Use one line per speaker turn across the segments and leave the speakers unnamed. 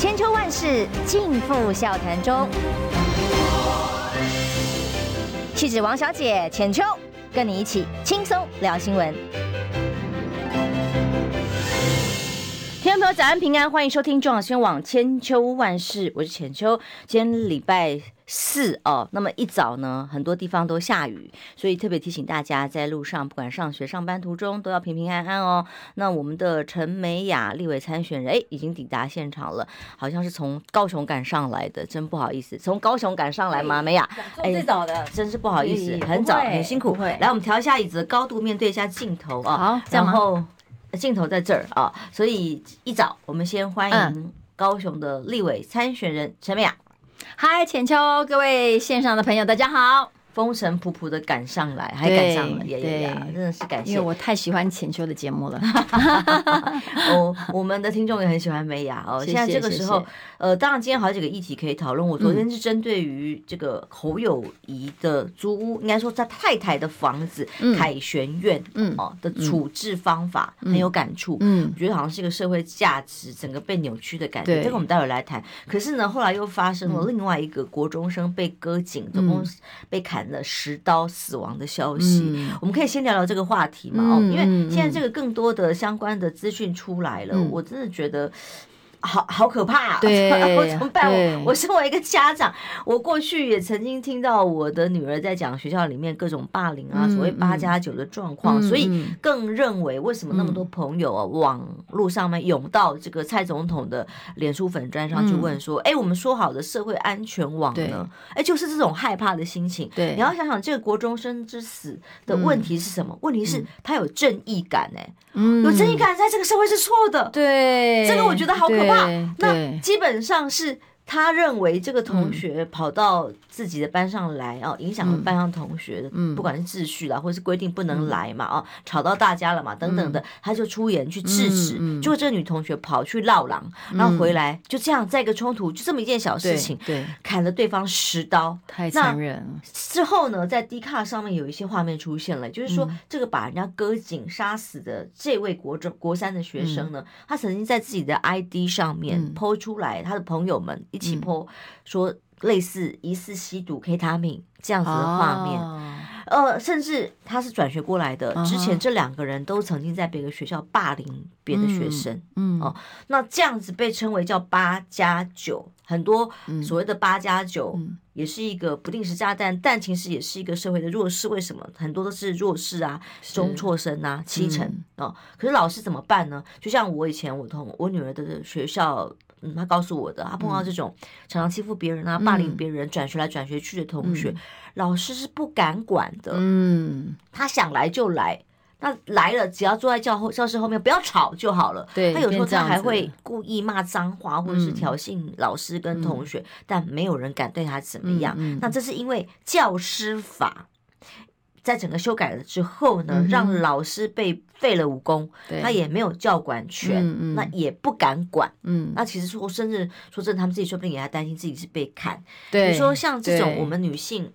千秋萬事，盡付笑談中。妻子王小姐淺秋，跟你一起輕鬆聊新聞。聽眾朋友，早安平安，歡迎收聽中廣新聞網千秋萬事，我是淺秋，今天禮拜。是哦，那麼一早呢，很多地方都下雨，所以特別提醒大家，在路上不管上學、上班途中，都要平平安安哦。那我們的陳美雅立委參選人，哎，已經抵達現場了，好像是從高雄趕上來的，真不好意思，從高雄趕上來嗎？哎、美雅？哎，最早的，真是不好意思，很早，很辛苦會。來，我們調一下椅子高度，面對一下鏡頭啊、哦。好，然後鏡頭在這兒啊、哦，所以一早我們先歡迎高雄的立委參選人陳美雅。嗯嗨，淺秋，各位
線上的朋友，大家好。風塵僕僕的趕上來，還趕上了美雅，真的是感謝。因為我太喜歡淺秋的節目了。我、 oh, 我們的聽眾也很喜
歡美雅哦、oh。現在這個時候謝謝，呃，當然今天好幾個議題可以討論。我昨天是針對於這個侯友宜的租屋，嗯、應該說他太太的房子、嗯、凱旋苑、嗯、哦的處置方法、嗯、很有感觸。嗯，我、嗯、覺得好像是一個社會價值整個被扭曲的感覺。嗯、這個我們待會來談。可是呢，後來又發生了另外一個國中生被割頸、嗯，總共被砍了十刀死亡的消息、嗯，我們可以先聊聊這個話題嘛？哦、嗯，因為現在這個更多的相關的資訊出來了、嗯，我真的覺得。好好可怕、啊！我 怎麼辦我？我身為一個家長，我過去也曾經聽到我的女兒在講學校裡面各種霸凌啊，嗯、所謂八加九的狀況、嗯，所以更認為為什麼那麼多朋友啊，網、嗯、絡上面湧到這個蔡總統的臉書粉專上去問說，哎、嗯，我們說好的社會安全網呢？哎，就是這種害怕的心情。對，你要想想這個國中生之死的問題是什麼？嗯、問題是，他有正義感呢、欸。嗯，有正義感在這個社會是錯的，嗯。對，這個我覺得好可怕。那基本上是。他認為這個同學跑到自己的班上來，嗯、哦，影響了班上同學，的、嗯，不管是秩序啦，或是規定不能來嘛、嗯，哦，吵到大家了嘛，等等的，嗯、他就出言去制止、嗯。結果這個女同學跑去烙狼、嗯，然後回來、嗯、就這樣在一個衝突，就這麼一件小事情，對、嗯，砍了對方十刀，太殘忍了。之後呢，在 D 卡上面有一些畫面出現了，就是說、嗯、這個把人家割頸殺死的這位國中國三的學生呢、嗯，他曾經在自己的 ID 上面 PO 出來、嗯、他的朋友們。起、嗯、魄說類似疑似吸毒 Ketamine 這樣子的畫面、啊，呃，甚至他是轉學過來的，啊、之前這兩個人都曾經在別的學校霸凌別的學生，嗯、嗯哦，那這樣子被稱為叫八加九，很多所謂的八加九也是一個不定時炸彈，但其實也是一個社會的弱勢，為什麼很多都是弱勢啊，中輟生啊，七成、嗯、哦，可是老師怎麼辦呢？就像我以前我同我女兒的學校。嗯，他告訴我的，他碰到這種常常欺負別人啊、嗯、霸凌別人、嗯、轉學來轉學去的同學、嗯，老師是不敢管的。嗯，他想來就來，那來了只要坐在教後教室後面不要吵就好了。對，他有時候他還會故意罵髒話、嗯、或者是挑釁老師跟同學、嗯，但沒有人敢對他怎麼樣。嗯嗯、那這是因為教師法。在整個修改了之後呢，嗯、讓老師被廢了武功，他也沒有教管權，嗯嗯，那也不敢管、嗯。那其實說甚至說真的，他們自己說不定也還擔心自己是被砍。你說像這種我們女性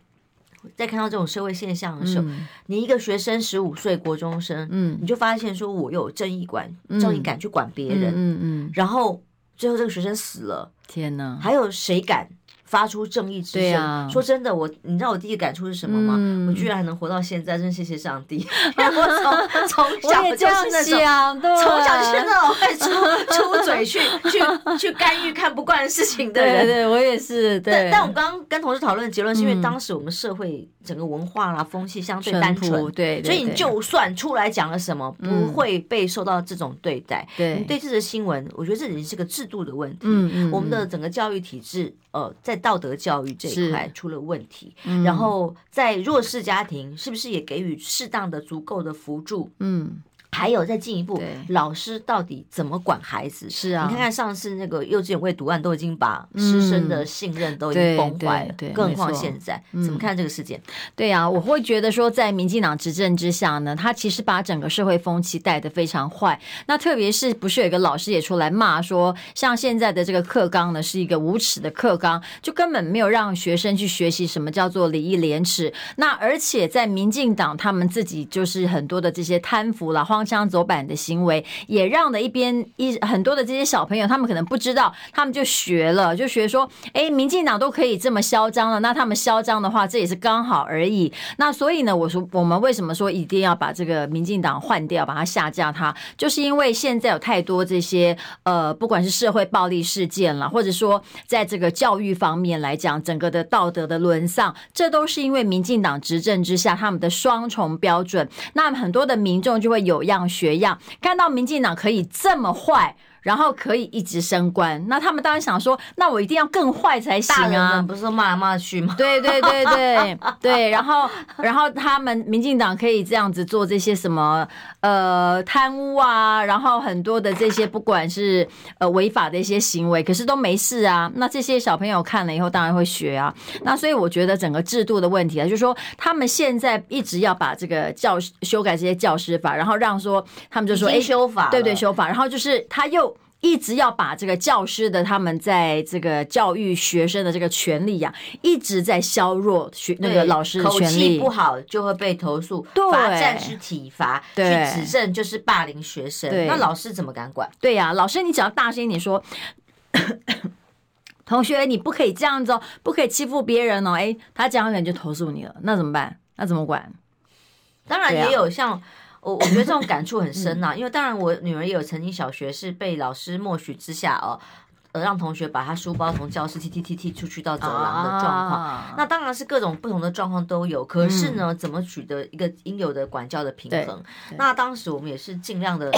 在看到這種社會現象的時候，嗯、你一個學生十五歲國中生、嗯，你就發現說我有正義感，叫、嗯、你敢去管別人嗯嗯嗯，然後最後這個學生死了，
天哪，還
有誰敢？發出正義之聲。啊、說真的，我你知道我第一個感觸是什麼嗎、嗯？我居然還能活到現在，真謝謝上帝。然後 我從從小就是那種我這樣、啊、從小就是那種會、啊、出出嘴去 去去干預看不慣的事情的人。對，對，對我
也是對。對，但我剛
剛跟同事討論的結論是、嗯、因為當時我們社會。整個文化啦，啊、風氣相對單純，純。對，對，對，所以你就算出來講了什麼，嗯、不會被受到這種對待。對，對，對。你對這個新聞，我覺得這已經是個制度的問題，嗯嗯。我們的整個教育體制，呃，在道德教育這一塊出了問題。然後，在弱勢家庭，是不是也給予適當的、足夠的輔助？嗯。還有再進一步，老師到底怎麼管孩子？是啊，你看看上次那個幼稚園餵毒案，都已經把師生的信任都已經崩壞了，嗯、對對對更何況現在、嗯？怎麼看
這個事件？對啊，我會覺得說，在民進黨執政之下呢，他其實把整個社會風氣帶得非常壞。那特別是不是有一個老師也出來罵說，像現在的這個課綱呢，是一個無恥的課綱，就根本沒有讓學生去學習什麼叫做禮義廉恥。那而且在民進黨他們自己就是很多的這些貪腐了，荒。腔走板的行為，也讓了一邊一很多的這些小朋友，他們可能不知道，他們就學了，就學說：“哎、欸，民進黨都可以這麼囂張了，那他們囂張的話，這也是剛好而已。”那所以呢，我說我們為什麼說一定要把這個民進黨換掉，把它下架它？它就是因為現在有太多這些呃，不管是社會暴力事件了，或者說在這個教育方面來講，整個的道德的淪喪，這都是因為民進黨執政之下他們的雙重標準。那很多的民眾就會有。樣學樣，看到民進黨可以這麼壞，然後可以一直升官，那他們當然想說，那我一定要更壞才行啊！不是罵來罵去嗎？對 對對對對，對然後然後他們民進黨可以這樣子做這些什麼。呃，貪污啊，然後很多的這些不管是呃違法的一些行為，可是都沒事啊。那這些小朋友看了以後，當然會學啊。那所以我覺得整個制度的問題啊，就是說他們現在一直要把這個教修改這些教師法，然後讓說他們就說、欸、修法，對對修法，然後就是他又。一直要把這個教師的他們在這個教育學生的這個權利呀、啊，一直在削弱學那個老師的權利。口氣不好就會被投訴，對罰站去體罰，
去指正就是霸凌學生。那老師怎麼敢管？
對呀、啊，老師你只要大聲一點說， 同學你不可以這樣子哦，不可以欺負別人哦。哎，他這樣講完就投訴你了，那怎麼辦？那怎麼管？當然也有像。我 我覺得這種
感觸很深吶、啊嗯，因為當然我女兒也有曾經小學是被老師默許之下哦，呃讓同學把她書包從教室踢踢踢踢出去到走廊的狀況、啊，那當然是各種不同的狀況都有，可是呢、嗯，怎麼取得一個應有的管教的平衡？那當時我們也是盡量的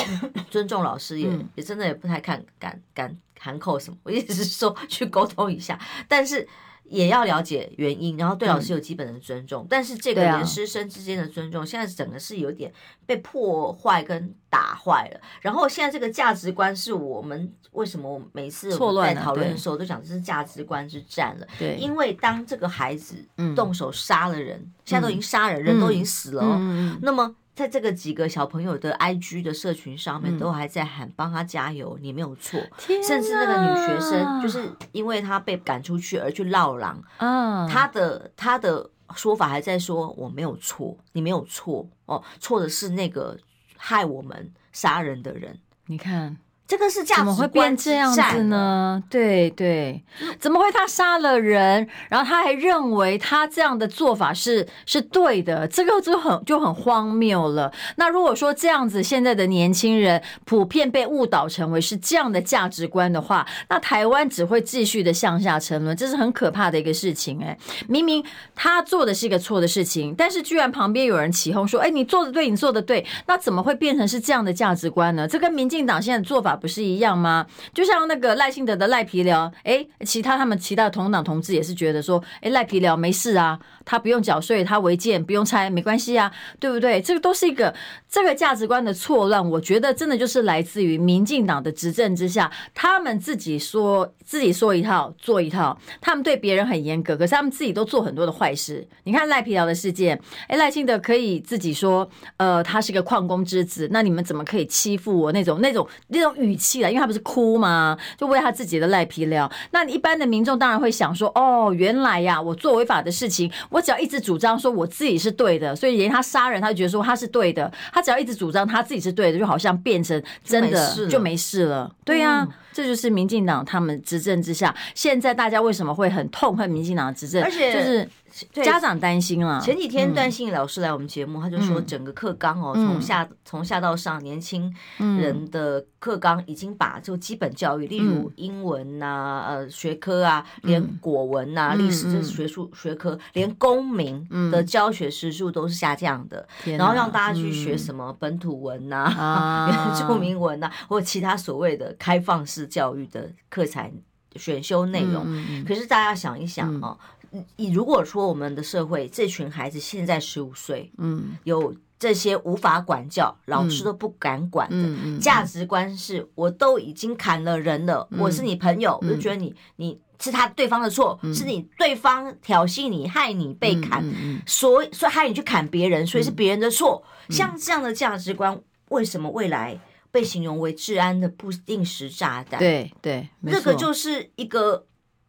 尊重老師，也、嗯、也真的也不太看敢敢敢喊口什麼，我一直是說去溝通一下，但是。也要了解原因，然後對老師有基本的尊重。嗯、但是這個連師生之間的尊重，現在整個是有點被破壞跟打壞了。然後現在這個價值觀是我們為什麼我每次在討論的時候都講這是價值觀之戰了？對，因為當這個孩子動手殺了人，嗯、現在都已經殺人，人都已經死了、哦嗯嗯嗯嗯，那麼。在這個幾個小朋友的 IG 的社群上面，都還在喊幫他加油，嗯、你沒有錯。甚至那個女學生，就是因為他被趕出去而去烙狼。嗯、哦，他的他的說法還在說我沒有錯，你沒有錯哦，錯的是那個害我們殺人的人。
你看。這個是價值觀。怎麼會變這樣子呢？對對，怎麼會他殺了人，然後他還認為他這樣的做法是是對的？這個就很就很荒謬了。那如果說這樣子，現在的年輕人普遍被誤導成為是這樣的價值觀的話，那台灣只會繼續的向下沉淪，這是很可怕的一個事情，欸。哎，明明他做的是一個錯的事情，但是居然旁邊有人起哄說：“哎，你做的對，你做的對。”那怎麼會變成是這樣的價值觀呢？這跟民進黨現在做法不是一樣嗎？就像那個賴清德的賴皮寮，誒、欸，其他他們其他同黨同志也是覺得說，誒、欸，賴皮寮沒事啊，他不用繳稅，他違建不用拆，沒關係啊，對不對？這個都是一個這個價值觀的錯亂，我覺得真的就是來自於民進黨的執政之下，他們自己說自己說一套做一套，他們對別人很嚴格，可是他們自己都做很多的壞事。你看賴皮寮的事件，誒、欸，賴清德可以自己說，呃，他是個礦工之子，那你們怎麼可以欺負我，那種那種那種語氣了，因為他不是哭嗎？就為他自己的賴皮了。那你一般的民眾當然會想說：哦，原來呀、啊，我做違法的事情，我只要一直主張說我自己是對的，所以連他殺人，他就覺得說他是對的。他只要一直主張他自己是對的，就好像變成真的就沒,就沒事了。對呀、啊嗯，這就是民進黨他們執政之下，現在大家為什麼會很痛恨民進黨的執政？而且就是。家長擔心了。前幾天段信
老師來我們節目、嗯，他就說整個課綱哦，嗯、從下從下到上，年輕人的課綱已經把就基本教育，嗯、例如英文吶、啊、呃學科啊，連國文吶、啊嗯、歷史這學術、嗯、學科，嗯、連公民的教學時數都是下降的，然後讓大家去學什麼本土文吶、啊、原住民文吶、啊，或其他所謂的開放式教育的課材選修內容。嗯嗯嗯、可是大家想一想哦。嗯你如果說我們的社會這群孩子現在十五歲，嗯，有這些無法管教，老師都不敢管的，嗯、價值觀是、嗯，我都已經砍了人了，嗯、我是你朋友，嗯、我就覺得你你是他對方的錯、嗯，是你對方挑釁你，害你被砍，嗯、所以所以害你去砍別人，所以是別人的錯、嗯。像這樣的價值觀，為什麼未來被形容為治安的不定時炸彈？對
對，這、那個就
是一個。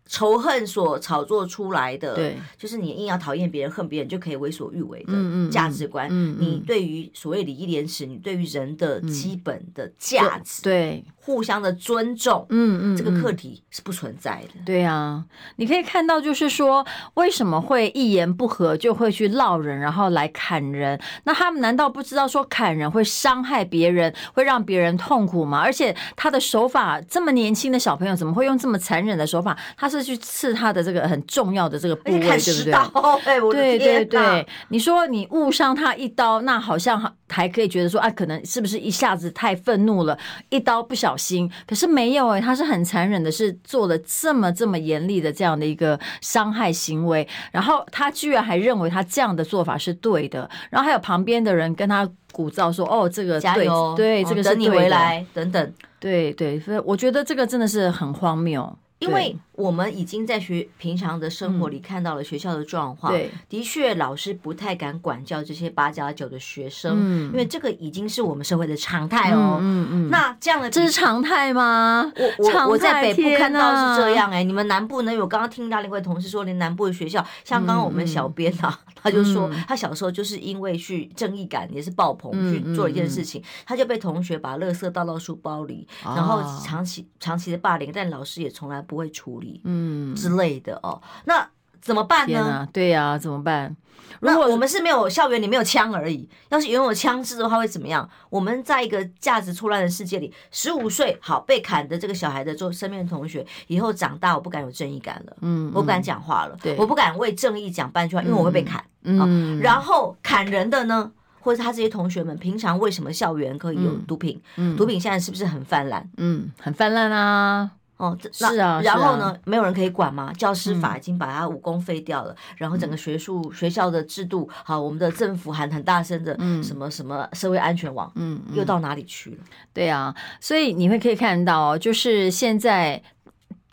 仇恨所炒作出來的，就是你硬要討厭別人、恨別人，就可以為所欲為的價值觀。嗯嗯嗯嗯、你對於所謂禮義廉恥，你對於人的基本的價值，嗯、對。對互相的尊重，
嗯嗯，這個課題是不存在的。對啊。你可以看到，就是說，為什麼會一言不合就會去鬧人，然後來砍人？那他們難道不知道說砍人會傷害別人，會讓別人痛苦嗎？而且他的手法，這麼年輕的小朋友怎麼會用這麼殘忍的手法？他是去刺他的這個很重要的這個部位，砍十刀，對不對？欸，對對對，你說你誤傷他一刀，那好像還可以覺得說啊，可能是不是一下子太憤怒了，一刀不小心。心可是沒有、欸、他是很殘忍的，是做了這麼這麼嚴厲的這樣的一個傷害行為，然後他居然還認為他這樣的做法是對的，然後還有旁邊的人跟他鼓噪說：“哦，這個對，對、哦，這個是等你回來等等，對對。”所以我覺得這個真的是很荒謬，因為。
我們已經在學平常的生活裡看到了學校的狀況，嗯、對，的確老師不太敢管教這些八加九的學生，嗯，因為這個已經是我們社會的常態哦。嗯嗯，嗯
那這樣的這是常態嗎？我我我在北部看到是這樣
哎，你們南部呢？有剛剛聽到另外一位同事說，連南部的學校，像剛剛我們小編啊、嗯，他就說他小時候就是因為去正義感、嗯、也是爆棚、嗯、去做一件事情，嗯，他就被同學把垃圾倒到書包裡、哦，然後長期長期的霸凌，但老師也從來不會處理。嗯，之類的哦，那怎麼辦呢？啊、對呀、啊，怎麼辦？如果我們是沒有校園裡沒有槍而已。要是擁有槍支的話，會怎麼樣？我們在一個價值出來的世界裡，十五歲好被砍的這個小孩的做身邊的同學，以後長大我不敢有正義感了，嗯，嗯，我不敢講話了，對，我不敢為正義講半句話，因為我會被砍，嗯。哦、嗯，然後砍人的呢，或者他這些同學們平常為什麼校園可以有毒品？嗯，嗯，毒品現在是不是很泛濫？嗯，很泛濫啊。哦，是啊，然後呢，啊、沒有人可以管嗎？教師法已經把他武功廢掉了，嗯、然後整個學術、嗯、學校的制度，好，我們的政府喊很大聲的，什麼什麼社會安全網，嗯，又到
哪裡去了？嗯嗯、對啊，所以你會可以看到，就是現在。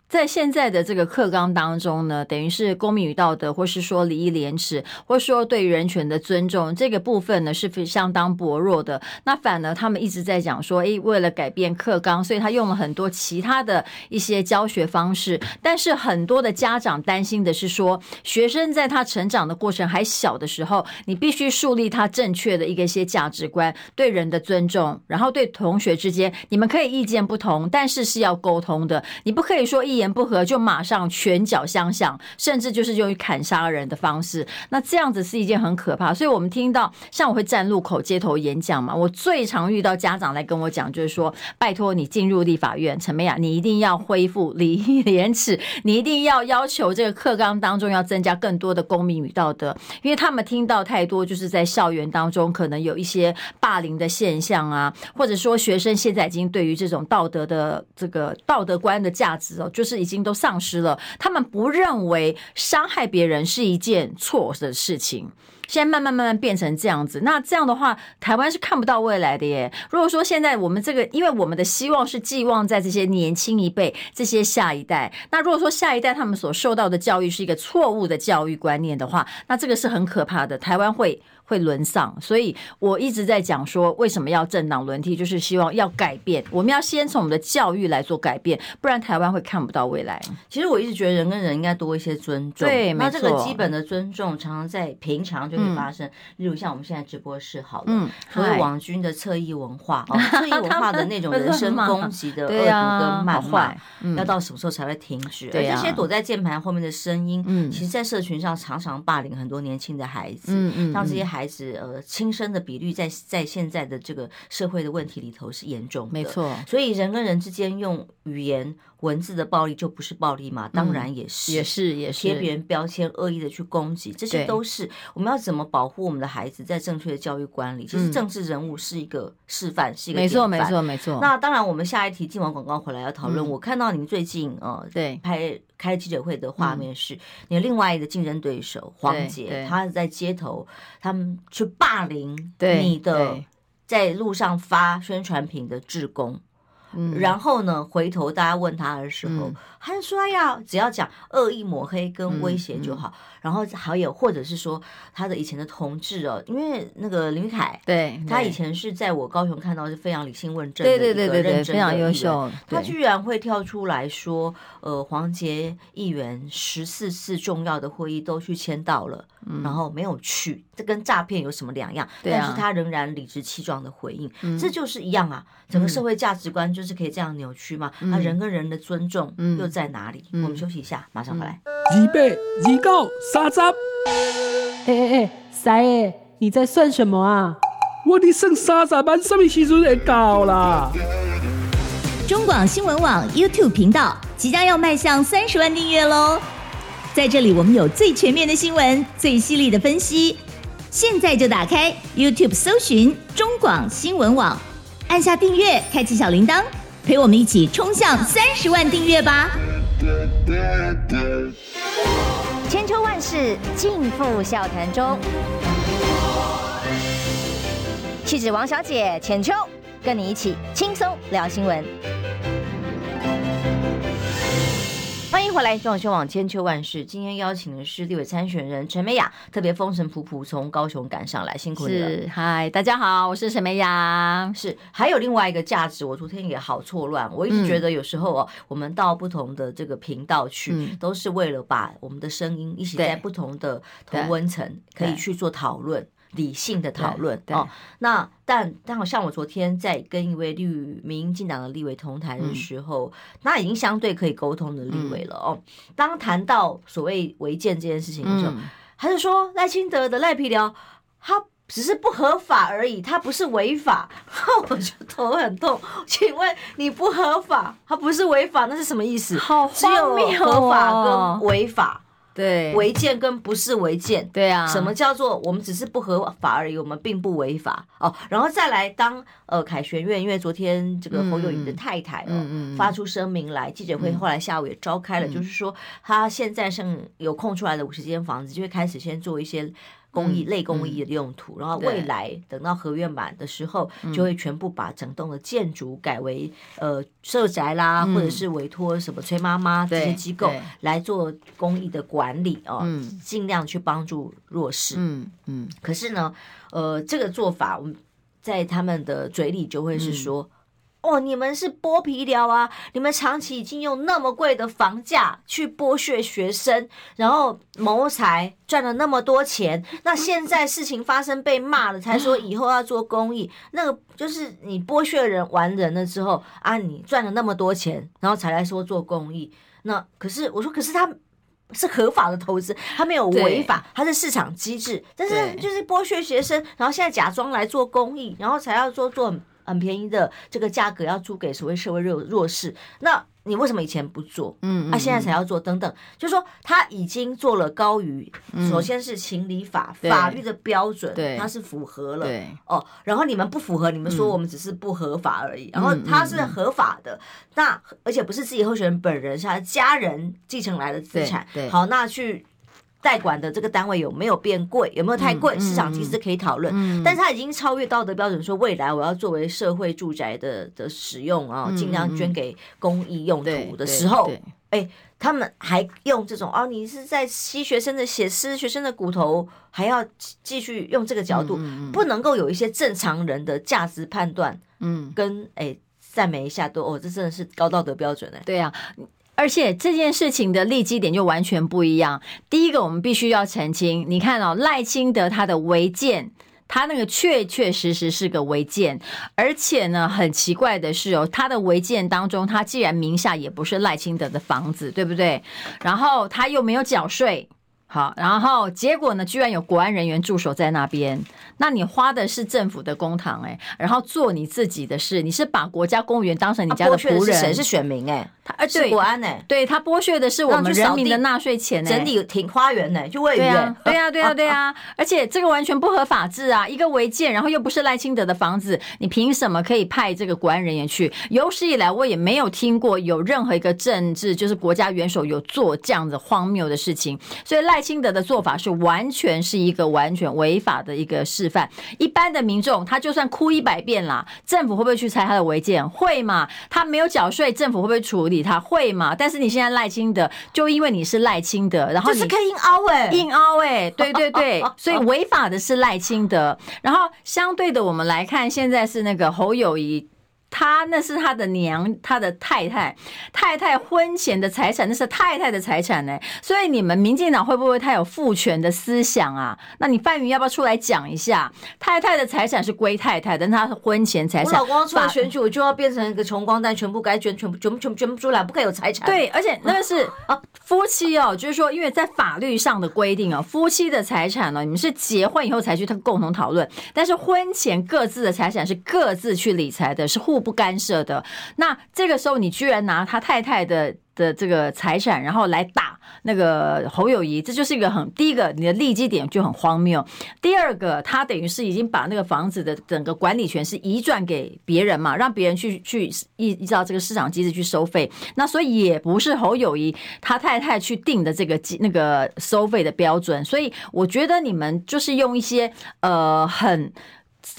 在現在的這個課綱當中呢，等於是公民與道德，或是說禮義廉恥，或說對人權的尊重，這個部分呢是相當薄弱的。那反而他們一直在講說，哎、欸，為了改變課綱，所以他用了很多其他的一些教學方式。但是很多的家長擔心的是說，學生在他成長的過程還小的時候，你必須樹立他正確的一個一些價值觀，對人的尊重，然後對同學之間，你們可以意見不同，但是是要溝通的，你不可以說一。一言不合就馬上拳腳相向，甚至就是用砍殺人的方式。那這樣子是一件很可怕。所以我們聽到像我會站路口街頭演講嘛，我最常遇到家長來跟我講，就是說：拜託你進入立法院，陳美雅，你一定要恢復禮義廉恥，你一定要要求這個課綱當中要增加更多的公民與道德，因為他們聽到太多，就是在校園當中可能有一些霸凌的現象啊，或者說學生現在已經對於這種道德的這個道德觀的價值哦，就是已經都喪失了，他們不認為傷害別人是一件錯的事情。現在慢慢慢慢變成這樣子，那這樣的話，台灣是看不到未來的耶。如果說現在我們這個，因為我們的希望是寄望在這些年輕一輩、這些下一代，那如果說下一代他們所受到的教育是一個錯誤的教育觀念的話，那這個是很可怕的，台灣會。會淪喪，所以我一直在講說，為什麼要政黨輪替，就是希望要改變。我們要先從我們的教育來做改變，不然台灣會看不到未來。其實我一直覺得人跟人應該多一些尊重。
對，那這個基本的尊重常常在平常就會發生，嗯，例如像我們現在直播室，好了，嗯，所謂網軍的側翼文化，嗯哦，側翼文化的那種人身攻擊的惡毒跟謾罵，嗯，要到什麼時候才會停止？嗯，這些躲在鍵盤後面的聲音，嗯，其實，在社群上常常霸凌很多年輕的孩子，嗯，嗯嗯像這些孩。孩子呃，親生的比率在在現在的這個社會的問題裡頭是嚴重的。沒錯，所以人跟人之間用語言文字的暴力就不是暴力嗎、嗯？當然也是，也是，也是貼別人標籤、惡意的去攻擊，這些都是我們要怎麼保護我們的孩子，在正確的教育觀裡。其實政治人物是一個示範，嗯、是一個示範，沒錯，沒錯，沒錯。那當然，我們下一題進完廣告回來要討論。嗯、我看到您最近呃，對拍。開記者會的畫面是，嗯、你有另外一個競爭對手對對黃捷，他在街頭，他們去霸凌你的，在路上發宣傳品的志工，然後呢，回頭大家問他的時候。他就說他要只要講惡意抹黑跟威脅就好，嗯嗯、然後好友或者是說他的以前的同志哦，因為那個林於凱
對他以
前是在我高雄看到的是非常理性問政，對,對對對對對，非常優秀。他居然會跳出來說，呃，黃捷議員十四次重要的會議都去簽到了、嗯，然後沒有去，這跟詐騙有什麼兩樣？啊、但是他仍然理直氣壯的回應、嗯，這就是一樣啊，整個社會價值觀就是可以這樣扭曲嘛？嗯嗯、他人跟人的尊重又。在哪裡？我們休息一下，馬上回來。預、嗯、備，一到三十。哎哎
哎，三爺、欸，你在算什麼啊？我佇算三十萬
什麼時陣會到啦？中廣新聞網 YouTube 頻道即將要邁向三十萬訂閱嘍！在這裡，我們有最全面的新聞，最犀利的分析。現在就打開 YouTube 搜尋中廣新聞網，按下訂閱，開啟小鈴鐺。陪我們一起衝向三十萬訂閱吧！千秋萬事，盡付笑談中。氣質王小姐淺秋，跟你一起輕鬆聊新聞。後來，望央往，千秋萬事，今天邀請的是立委參選人陳美雅，特別風塵僕僕從高雄趕上來，辛苦你了。是，嗨，大家好，我是陳美雅。是，還有另外一個價值，我昨天也好錯亂，我一直覺得有時候哦，嗯、我們到不同的這個頻道去、嗯，都是為了把我們的聲音一起在不同的同溫層可以去做討論。理性的討論哦，那但但好像我昨天在跟一位綠民進黨的立委同台的時候，嗯、那已經相對可以溝通的立委了、嗯、哦。當談到所謂違建這件事情的時候，嗯、他就說賴清德的賴皮寮，他只是不合法而已，他不是違法。那 我就頭很痛，請問你不合法，他不是違法，那是什麼意思？好荒謬哦！合法跟違法。對，違建跟不是違建，對啊，什麼叫做我們只是不合法而已，我們並不違法哦。然後再來當呃凱旋苑，因為昨天這個侯友宜的太太哦、嗯、發出聲明來，記者會後來下午也召開了，嗯、就是說他現在剩有空出來的五十間房子，就會開始先做一些。公益類公益的用途，嗯嗯，然後未來等到合約滿的時候，嗯，就會全部把整棟的建築改為呃社宅啦，嗯，或者是委託什麼崔媽媽這些機構來做公益的管理哦，嗯，盡量去幫助弱勢。嗯嗯，可是呢，呃，這個做法我們在他們的嘴裡就會是說。嗯哦，你們是剝皮寮啊！你們長期已經用那麼貴的房價去剝削學生，然後謀財賺了那麼多錢。那現在事情發生被罵了，才說以後要做公益。那個就是你剝削人完人了之後啊，你賺了那麼多錢，然後才來說做公益。那可是我說，可是他是合法的投資，他沒有違法，他是市場機制。但是就是剝削學生，然後現在假裝來做公益，然後才要做做。很便宜的這個價格要租給所謂社會弱弱勢，那你為什麼以前不做？嗯，啊，現在才要做等等，嗯、就是說他已經做了高於、嗯、首先是情理法法律的標準，對，他是符合了對，哦。然後你們不符合、嗯，你們說我們只是不合法而已。嗯、然後他是合法的、嗯，那而且不是自己候選人本人，是他家人繼承來的資產。對，對好，那去。代管的這個單位有沒有變貴？有沒有太貴、嗯？市場其實可以討論、嗯嗯，但是它已經超越道德標準。說未來我要作為社會住宅的的使用啊，儘量捐給公益用途的時候，哎、嗯欸，他們還用這種哦、啊，你是在吸學生的血，吸學生的骨頭，還要繼續用這個角度，嗯、不能夠有一些正常人的價值判斷。嗯，跟誒讚、欸、美一下都哦，這真的是高道德標準呢、欸。
對啊。而且這件事情的立基點就完全不一樣。第一個，我們必須要澄清，你看哦，賴清德他的違建，他那個確確實實是個違建，而且呢，很奇怪的是哦，他的違建當中，他既然名下也不是賴清德的房子，對不對？然後他又沒有繳稅。好，然後結果呢？居然有國安人員駐守在那邊。那你花的是政府的公帑哎、欸，然後做你自己的事。你是把國家公務員當成你家的僕人？誰是，是選民哎、欸啊欸？他而且國安呢，對他剝削的是我們人民的納稅錢哎、欸，整理挺花園呢、欸，就委員對呀，對呀、啊，對呀、啊，對呀、啊啊啊。而且這個完全不合法治啊，一個違建，然後又不是賴清德的房子，你憑什麼可以派這個國安人員去？有史以來我也沒有聽過有任何一個政治就是國家元首有做這樣子荒謬的事情，所以賴。賴清德的做法是完全是一個完全違法的一個示範。一般的民眾，他就算哭一百遍啦，政府會不會去拆他的違建？會嘛？他沒有繳稅，政府會不會處理他？會嘛？但是你現在賴清德，就因為你是賴清德，然後你、就是可以硬凹欸，就是硬凹哎、欸，硬凹哎，對對對，所以違法的是賴清德。然後相對的，我們來看，現在是那個侯友宜。他那是他的娘，他的太太，太太婚前的財產那是太太的財產呢、欸。所以你們民進黨會不會太有父權的思想啊？那你范雲要不要出來講一下？太太的財產是歸太太的，但她他婚前財產，我老公出來選舉，就要變成一個窮光蛋，全部該捐，全部全部全部捐不出來，不可以有財產。對，而且那個是、 啊、夫妻哦，就是說，因為在法律上的規定哦，夫妻的財產呢、哦，你們是結婚以後才去共同討論，但是婚前各自的財產是各自去理財的，是互。不干涉的，那這個時候你居然拿他太太的的這個財產，然後來打那個侯友宜，這就是一個很第一個，你的利基點就很荒謬；第二個，他等於是已經把那個房子的整個管理權是移轉給別人嘛，讓別人去去依依照這個市場機制去收費。那所以也不是侯友宜他太太去定的這個那個收費的標準。所以我覺得你們就是用一些呃很。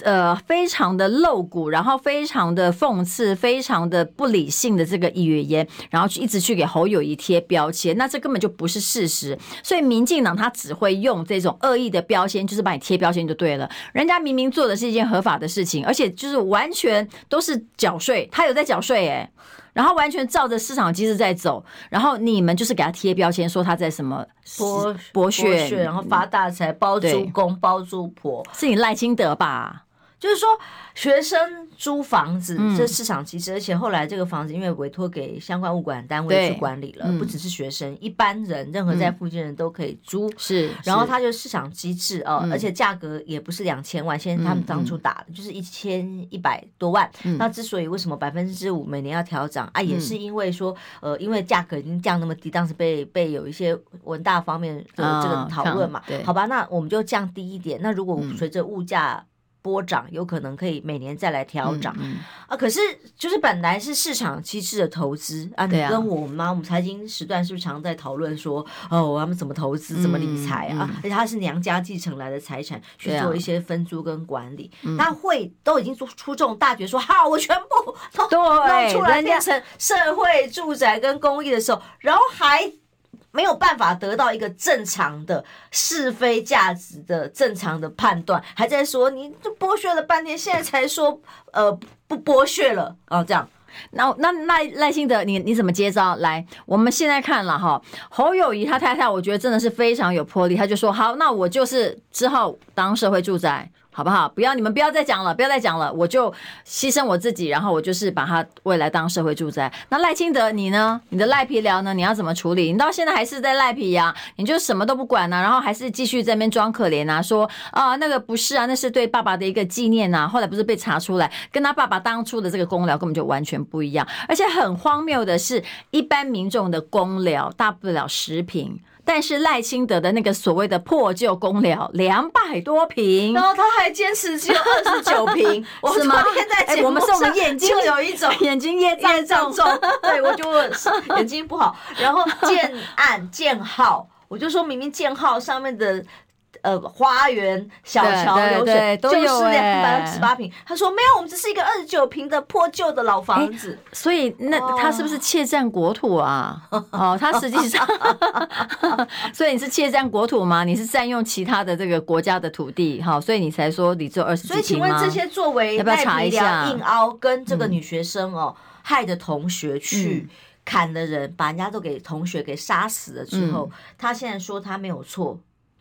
呃，非常的露骨，然後非常的諷刺，非常的不理性的這個語言言，然後去一直去給侯友宜貼標籤，那這根本就不是事實。所以民進黨他只會用這種惡意的標籤，就是把你貼標籤就對了。人家明明做的是一件合法的事情，而且就是完全都是繳稅，他有在繳稅誒、欸，然後完全照着市場機制在走，然後你們就是給他貼標籤，說他在什麼剝剝削，然後發
大財，包租公包租婆，
是你賴清德吧？
就是說，學生租房子、嗯、這市場機制，而且後來這個房子因為委托給相關物管單位去管理了、嗯，不只是學生，一般人任何在附近人都可以租。是、嗯，然後它就市場機制哦、嗯，而且價格也不是兩千萬，現在他們當初打的就是一千一百多萬、嗯。那之所以為什麼百分之五每年要調漲啊，也是因為說，嗯、呃，因為價格已經降那麼低，當時被被有一些文大方面的這個討論嘛、嗯嗯對，好吧，那我們就降低一點。那如果隨着物價波漲有可能可以每年再來調漲、嗯嗯、啊，可是就是本來是市場機制的投資啊，你跟我媽我們財經時段是不是常在討論說、嗯、哦，我們怎麼投資、怎麼理財啊、嗯嗯？而且她是娘家繼承來的財產去做一些分租跟管理，她、嗯、會都已經出出這種大決，說好，我全部都弄出來變成社會住宅跟公益的時候，然後還。沒有辦法得到一個正常的是非價值的正常的判斷，還在說，你這剝削了半天，現在才說呃
不剝削了啊、哦？這樣，那那那賴清德你你怎麼接招？來，我們現在看了哈，侯友宜他太太，我覺得真的是非常有魄力，他就說好，那我就是之後當社會住宅。好不好？不要你們不要再講了，不要再講了。我就犧牲我自己，然後我就是把他未來當社會住宅。那賴清德，你呢？你的賴皮聊賴皮寮呢？你要怎麼處理？你到現在還是在賴皮呀、啊？你就什麼都不管呢、啊？然後還是繼續在那邊裝可憐啊？說啊，那個不是啊，那是對爸爸的一個紀念啊。後來不是被查出來，跟他爸爸當初的這個公寮根本就完全不一樣。而且很荒謬的是，一般民眾的公寮，大不了十坪。但是賴清德的那個所謂的破舊公寮，兩百多平，然後他還堅持只有二十九平， 我 是嗎？欸欸，我們昨天在節目上，眼睛 就有一種眼睛夜夜脹腫， 對，我就眼睛不
好。 然後建案建號，我就說明明建號上面的，呃，花園、小
橋流水，對對對都有、欸就是兩百二十八
平。他說沒有，我們只是一個二十九平的破舊的老房子。
欸、所以那、哦、他是不是竊占國土啊？哦，他實際上， 所以你是竊占國土嗎？你是占用其他的這個國家的土地？好，所以你才說你只有二十。所以請問這些作為要不要查一下硬
凹跟這個女學生哦、嗯、害的同學去砍的人，嗯、把人家都給同學給殺死了之後、嗯，他現在說他沒有錯。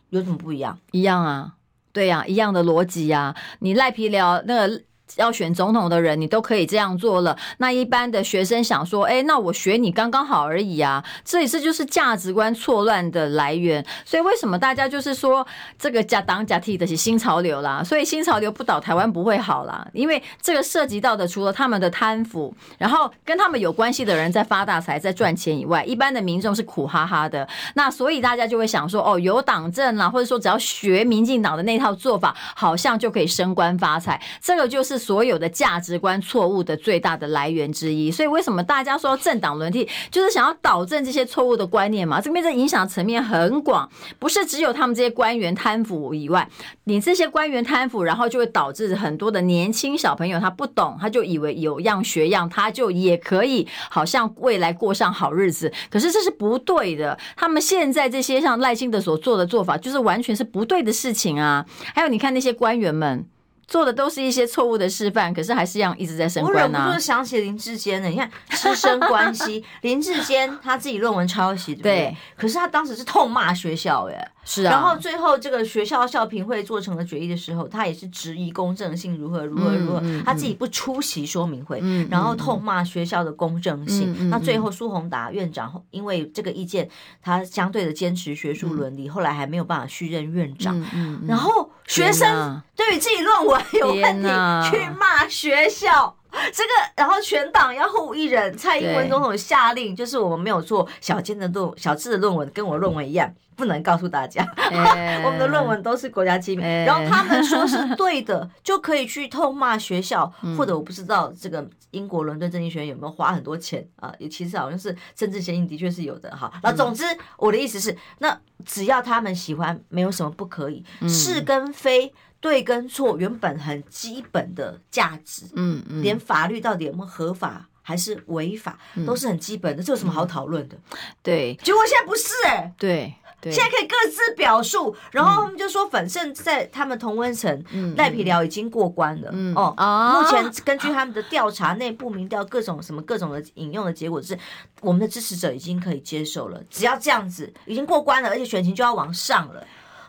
有什麼不一樣？
一樣啊，對呀、啊，一樣的邏輯呀。你賴皮聊那個。要選總統的人，你都可以這樣做了。那一般的學生想說，哎、欸，那我學你剛剛好而已啊。這一次就是價值觀錯亂的來源。所以為什麼大家就是說這個假黨假替的是新潮流啦？所以新潮流不倒，台灣不會好啦，因為這個涉及到的除了他們的貪腐，然後跟他們有關係的人在發大財、在賺錢以外，一般的民眾是苦哈哈的。那所以大家就會想說，哦，有黨政啦，或者說只要學民進黨的那套做法，好像就可以升官發財。這個就是。所有的價值觀錯誤的最大的來源之一，所以為什麼大家說政黨輪替就是想要導正這些錯誤的觀念嘛？這邊的影響層面很廣，不是只有他們這些官員貪腐以外，你這些官員貪腐，然後就會導致很多的年輕小朋友他不懂，他就以為有樣學樣，他就也可以，好像未來過上好日子。可是這是不對的，他們現在這些像賴清德所做的做法，就是完全是不對的事情啊。還有你看那些官員們。做的都是一些錯誤的示範，可是還是一樣一直在升官吶、啊。我忍不住
想起林智堅的，你看師生關係， 林智堅他自己論文抄襲，對不對？可是他當時是痛罵學校耶，誒是啊，然後最後這個學校校評會做成了決議的時候，他也是質疑公正性如何如何如何，嗯、他自己不出席說明會、嗯，然後痛罵學校的公正性、嗯。那最後蘇宏達院長因為這個意見，嗯、他相對的堅持學術倫理、嗯，後來還沒有辦法續任院長、嗯。然後學生對於自己論文有問題 去罵學校，這個然後全黨要護一人。蔡英文總統下令，就是我們沒有做小金的論，小智的論文跟我論文一樣。不能告訴大家、欸， 我們的論文都是國家機密。然後他們說是對的，就可以去痛罵學校，或者我不知道這個英國倫敦政治學院有沒有花很多錢啊？也其實好像是政治嫌疑的確是有的哈。那總之我的意思是，那只要他們喜歡，沒有什麼不可以。是跟非，對跟錯，原本很基本的價值，嗯嗯，連法律到底有沒有合法還是違法，都是很基本的，這有什麼好討論的？對，結果現在不是哎、欸，對。對，現在可以各自表述，然後他們就說，反正在他們同溫層、嗯、賴皮寮已經過關了。嗯、哦、啊，目前根據他們的調查、內部民調、各種什麼各種的引用的結果是，我們的支持者已經可以接受了。只要這樣子已經過關了，而且選情就要往上了。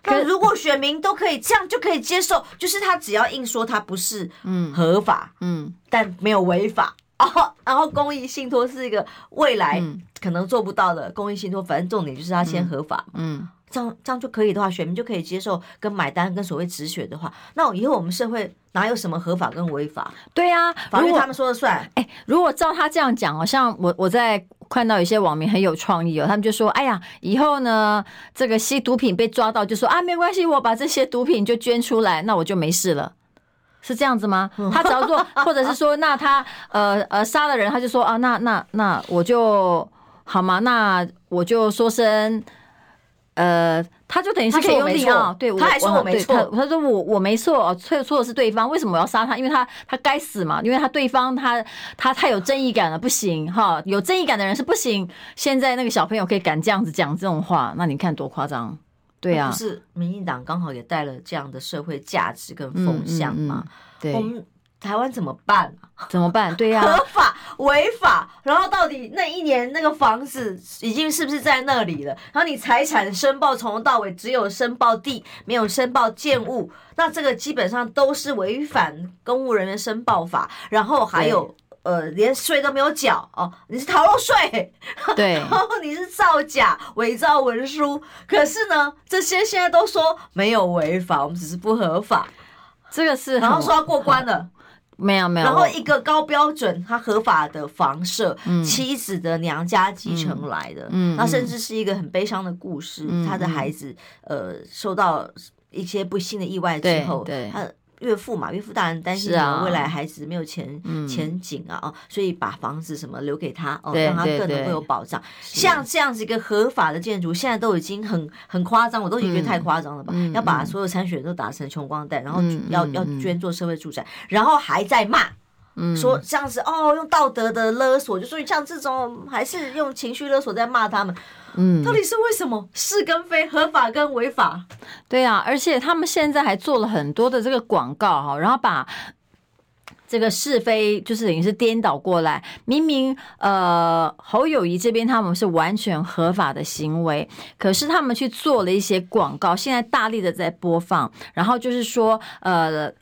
那如果選民都可以這樣，就可以接受，就是他只要硬說他不是嗯合法嗯、嗯，但沒有違法哦，然後公益信托是一個未來。嗯可能做不到的公益信託，反正重點就是他先合法。嗯，這樣這樣就可以的話，選民就可以接受
跟買單跟所謂止血的話，那以後我們社會哪有什麼合法跟違法？對呀、啊，反正他們說了算如、欸。如果照他這樣講，好像我我在看到有些網民很有創意哦，他們就說：“哎呀，以後呢，這個吸毒品被抓到，就說啊，沒關係，我把這些毒品就捐出來，那我就沒事了。”是這樣子嗎？他只要做， 或者是說，那他呃呃殺了人，他就說啊，那那那我就。好嗎？那我就說聲，呃，他就等於是可以用力啊，哦，對，他還說我沒錯，他說我我沒錯，錯，錯的是對方，為什麼我要殺他？因為他他該死嘛，因為他對方他他太有正義感了，不行哈，有正義感的人是不行。現在那個小朋友可以敢這樣子講這種話，那你看多誇張，對啊，啊是民進黨剛好
也帶了這樣的社會價值跟風向嘛，嗯嗯
嗯、對。
台灣怎麼辦？
怎麼辦？對呀，啊，合
法違法，然後到底那一年那個房子已經是不是在那裡了？然後你財產申報從頭到尾只有申報地，沒有申報建物，那這個基本上都是違反公務人員申報法。然後還有呃，連稅都沒有繳哦，你是逃漏稅，對，然後你是造假偽造文書。可是呢，這些現在都說沒有
違法，我們只是不合法。這個是，然後說要過關了。沒有沒有，然後一
個高標準，他合法的房舍，嗯、妻子的娘家繼承來的，嗯，那、嗯、甚至是一個很悲傷的故事，他、嗯、的孩子、嗯，呃，受到一些不幸的意外之後，對。對岳父嘛，岳父大人擔心未來孩子沒有前、啊嗯、前景啊，哦，所以把房子什麼留給他，哦，對，讓他個人會有保障。像這樣子一個合法的建築，現在都已經很很誇張，我都已經覺得太誇張了吧？嗯、要把所有參選人都打成窮光蛋、嗯，然後要、嗯、要捐做社會住宅、嗯，然後還在罵，嗯、說這樣子哦，用道德的勒索，就所以像這種還是用情緒勒索在罵他們。嗯，到底是為什麼是跟非合法跟違法？
嗯、對呀、啊,而且他們現在還做了很多的這個廣告哈，然後把這個是非就是等於是顛倒過來。明明呃侯友宜這邊他們是完全合法的行為，可是他們去做了一些廣告，現在大力的在播放，然後就是說呃。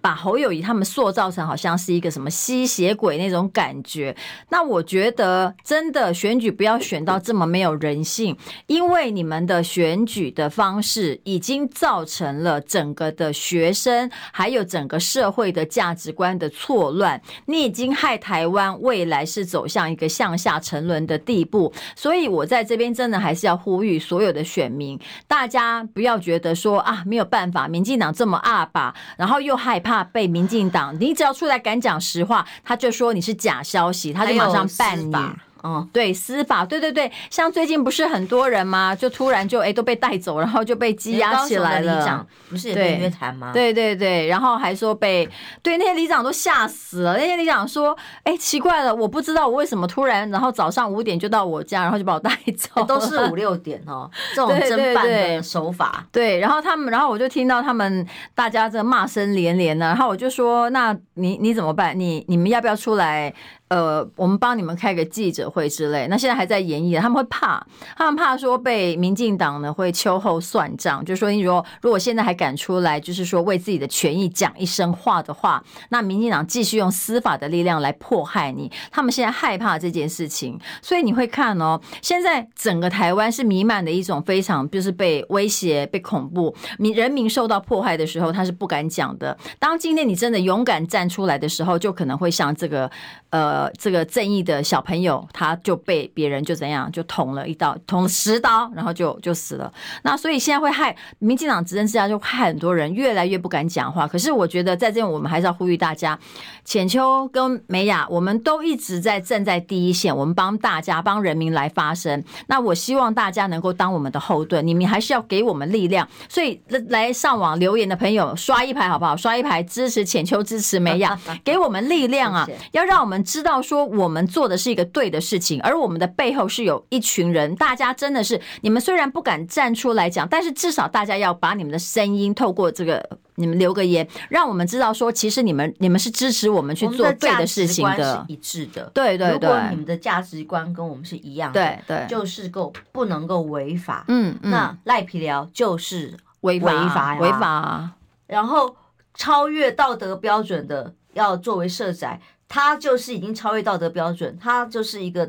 把侯友宜他們塑造成好像是一個什麼吸血鬼那種感覺，那我覺得真的選舉不要選到這麼沒有人性，因為你們的選舉的方式已經造成了整個的學生還有整個社會的價值觀的錯亂，你已經害台灣未來是走向一個向下沉淪的地步，所以我在這邊真的還是要呼籲所有的選民，大家不要覺得說啊沒有辦法，民進黨這麼鴨霸，然後又害。害怕被民進黨，你只要出來敢講實話，他就說你是假消息，他就馬上辦你。哦、嗯，對司法，對對對，像最近不是很多人嗎？就突然就哎，都被帶走，然後就被羈押起來了，不是也
被約談嗎？對？
對對對，然後還說被對那些里長都嚇死了，那些里長說哎，奇怪了，我不知道我為什麼突然，然後早上五點就到我家，然後就把我帶走，都是五六
點哦，這種偵辦的手法。
對，然後他們，然後我就聽到他們大家這罵聲連連呢、啊，然後我就說那你，你怎麼辦？你，你們要不要出來？呃，我們幫你們開個記者會之類。那現在還在研議，他們會怕，他們怕說被民進黨呢會秋後算賬，就說你如果如果現在還敢出來，就是說為自己的權益講一聲話的話，那民進黨繼續用司法的力量來迫害你。他們現在害怕這件事情，所以你會看哦，現在整個台灣是彌漫的一種非常就是被威脅、被恐怖，民人民受到迫害的時候，他是不敢講的。當今天你真的勇敢站出來的時候，就可能會像這個呃。呃，這個正義的小朋友他就被別人就怎樣就捅了一刀，捅十刀，然後就就死了。那所以現在會害民進黨執政之下就害很多人越來越不敢講話。可是我覺得在這我們還是要呼籲大家，淺秋跟美雅，我們都一直在站在第一線，我們幫大家幫人民來發聲。那我希望大家能夠當我們的後盾，你們還是要給我們力量。所以來上網留言的朋友刷一排好不好？刷一排支持淺秋，支持美雅， 給我們力量啊！謝謝要讓我們知。知道說我們做的是一個對的事情，而我們的背後是有一群人，大家真的是你們雖然不敢站出來講，但是至少大家要把你們的聲音透過這個你們留個言，讓我們知道說，其實你們你們是支持我們去做對的事情的，的一致的，對對對，如果你們的
價值觀跟我們是一樣的，對，對對，就是夠不能夠違法，嗯，那賴皮聊就是違法啊，違法啊，違法啊，然後超越道德標準的要作為社宅。他就是已經超越道德標準，他就是一個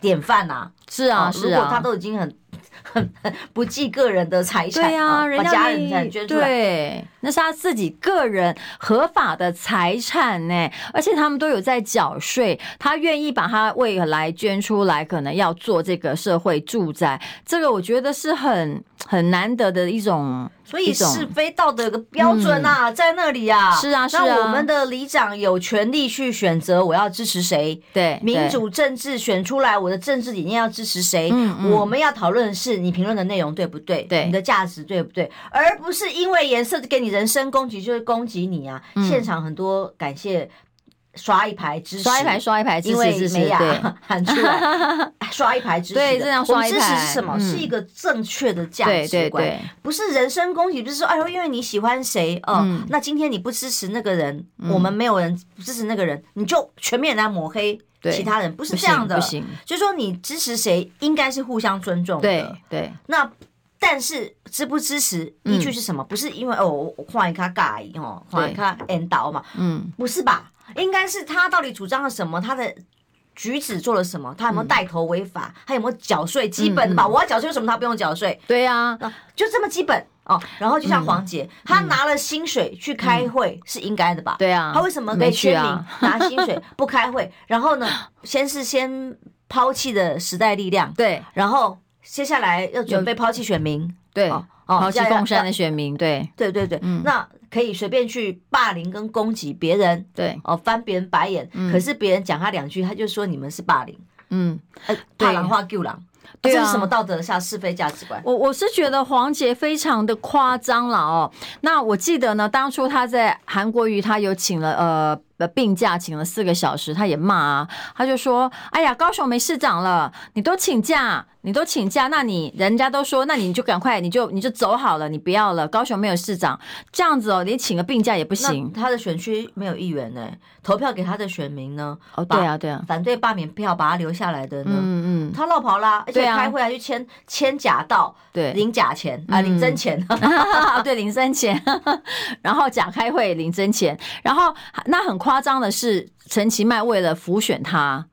典範吶、啊。是啊，啊是啊，如果他都已經很很不計個人的財產，對呀、啊，人家，家人捐出來，對，
那是他自己個人合法的財產呢。而且他們都有在繳稅，他願意把他未來捐出來，可能要做這個社會住宅。這個我覺得是很。很難得的一種，所以是
非道德的標準吶、啊嗯，在那裡啊，是啊，是啊，那我們的
里長有權利去選
擇我要支持誰，對，民主政治選出來，我的政治理念要支持誰，我們要討論的是你評論的內容對不對？對、嗯，你的價值對不對，對？而不是因為顏色給你人身攻擊，就是攻擊你啊、嗯！現場很多感謝。刷一排支持，刷一排刷一排支持支持，因為美雅，對，喊出來， 刷一排支持的。對，這樣刷一排我們支持是什麼？嗯、是一個正確的價值觀，對對對對，不是人身攻擊，不、就是說哎呦，因為你喜歡誰、呃，嗯，那今天你不支持那個人，嗯、我們沒有人支持那個人、嗯，你就全面來抹黑其他人，不是這樣的，不行，不行。就是、說你支持誰，應該是互相尊重的，對，對，對。那但是支不支持依據是什麼？嗯、不是因為哦、呃，我換一咖卡蓋哦，換一咖引倒嘛，嗯，不是吧？應該是他到底主張了什麼？他的舉止做了什麼？他有沒有帶頭違法？嗯、他有沒有繳稅？基本的吧，嗯嗯、我要繳稅，為什麼他不用繳稅？對呀、啊啊，就這麼基本哦。然後就像黃捷、嗯，他拿了薪水去開會是應該的吧？對呀、啊，他為什麼可以選民拿薪水不開會？啊、 然後呢，先是先拋棄的時代力量，對，然後接下來要準備拋棄選民，
對、哦，拋棄鳳山的選民，
對，哦、對對對，嗯、那。可以隨便去霸凌跟攻擊別人，對，哦，翻別人白眼，嗯、可是別人講他兩句，他就說你們是霸凌，嗯，怕狼花救狼，對啊、這是什麼
道德下、啊、是非價值觀。我我是覺得黃捷非常的誇張了哦。那我記得呢，當初他在韓國瑜，他有請了呃。病假請了四個小時，他也罵啊，他就說：“哎呀，高雄沒市長了，你都請假，你都請假，那你人家都說，那你就趕快，你就你就走好了，你不要了。高雄沒有市長這樣子哦，你請個病假也不行。他
的選區沒有議員呢、欸，投票給他的選民呢？哦，對啊，對啊，反對罷免票把他留下來的呢？嗯、哦、嗯、啊啊，他落跑啦，而且開會
還去簽簽假到，對、啊，領假錢啊，領、呃嗯、真錢， 對，領真， 真錢，然後假開會領真錢，然後那很快。”誇張的是，陳其邁為了輔選、啊、選他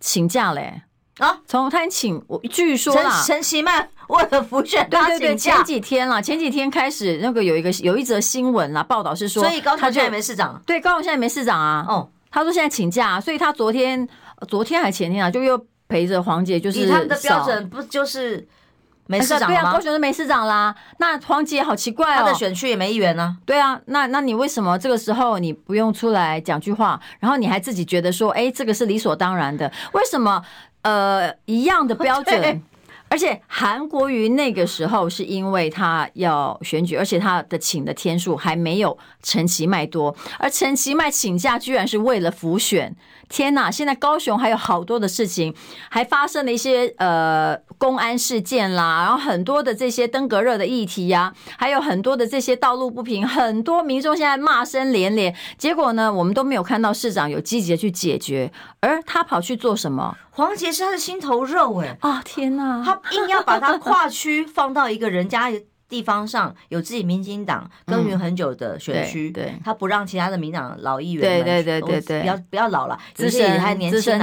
請假嘞啊！從他請，據說啦，陳其邁為了輔選，對對對，前幾天啦，前幾天開始，那個有一個有一則新聞啦，報道是說，所以高雄現在沒市長，對，高雄現在沒市長啊，哦、啊嗯，他說現在請假、啊，所以他昨天昨天還前天啊，就又陪着黃姐，就是他的標準，
不就是。
沒市長啊，是啊，對啊，高雄就沒市長啦。啊、那黃捷好奇怪啊、哦、他的選區也沒議員呢。對啊，那那你為什麼這個時候你不用出來講句話？然後你還自己覺得說，哎，這個是理所當然的？為什麼？呃，一樣的標準，而且韓國瑜那個時候是因為他要選舉，而且他的請的天數還沒有陳其邁多，而陳其邁請假居然是為了輔選。天吶！現在高雄還有好多的事情，還發生了一些呃公安事件啦，然後很多的這些登革熱的議題呀、啊，還有很多的這些道路不平，很多民眾現在罵聲連連。結果呢，我們都沒有看到市長有積極的去解決，而他跑去做什麼？
黃捷，是他的心頭肉哎、欸！啊、哦、天吶，他硬要把他跨區放到一個人家。 地方上有自己民進黨耕耘很久的選區，他、嗯、不讓其他的民黨老議員們，對對對對對，對對對對哦、老了，只是還年輕呢。可是人